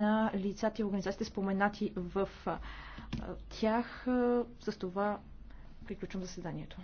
на лицата и организациите споменати в тях. С това приключвам заседанието.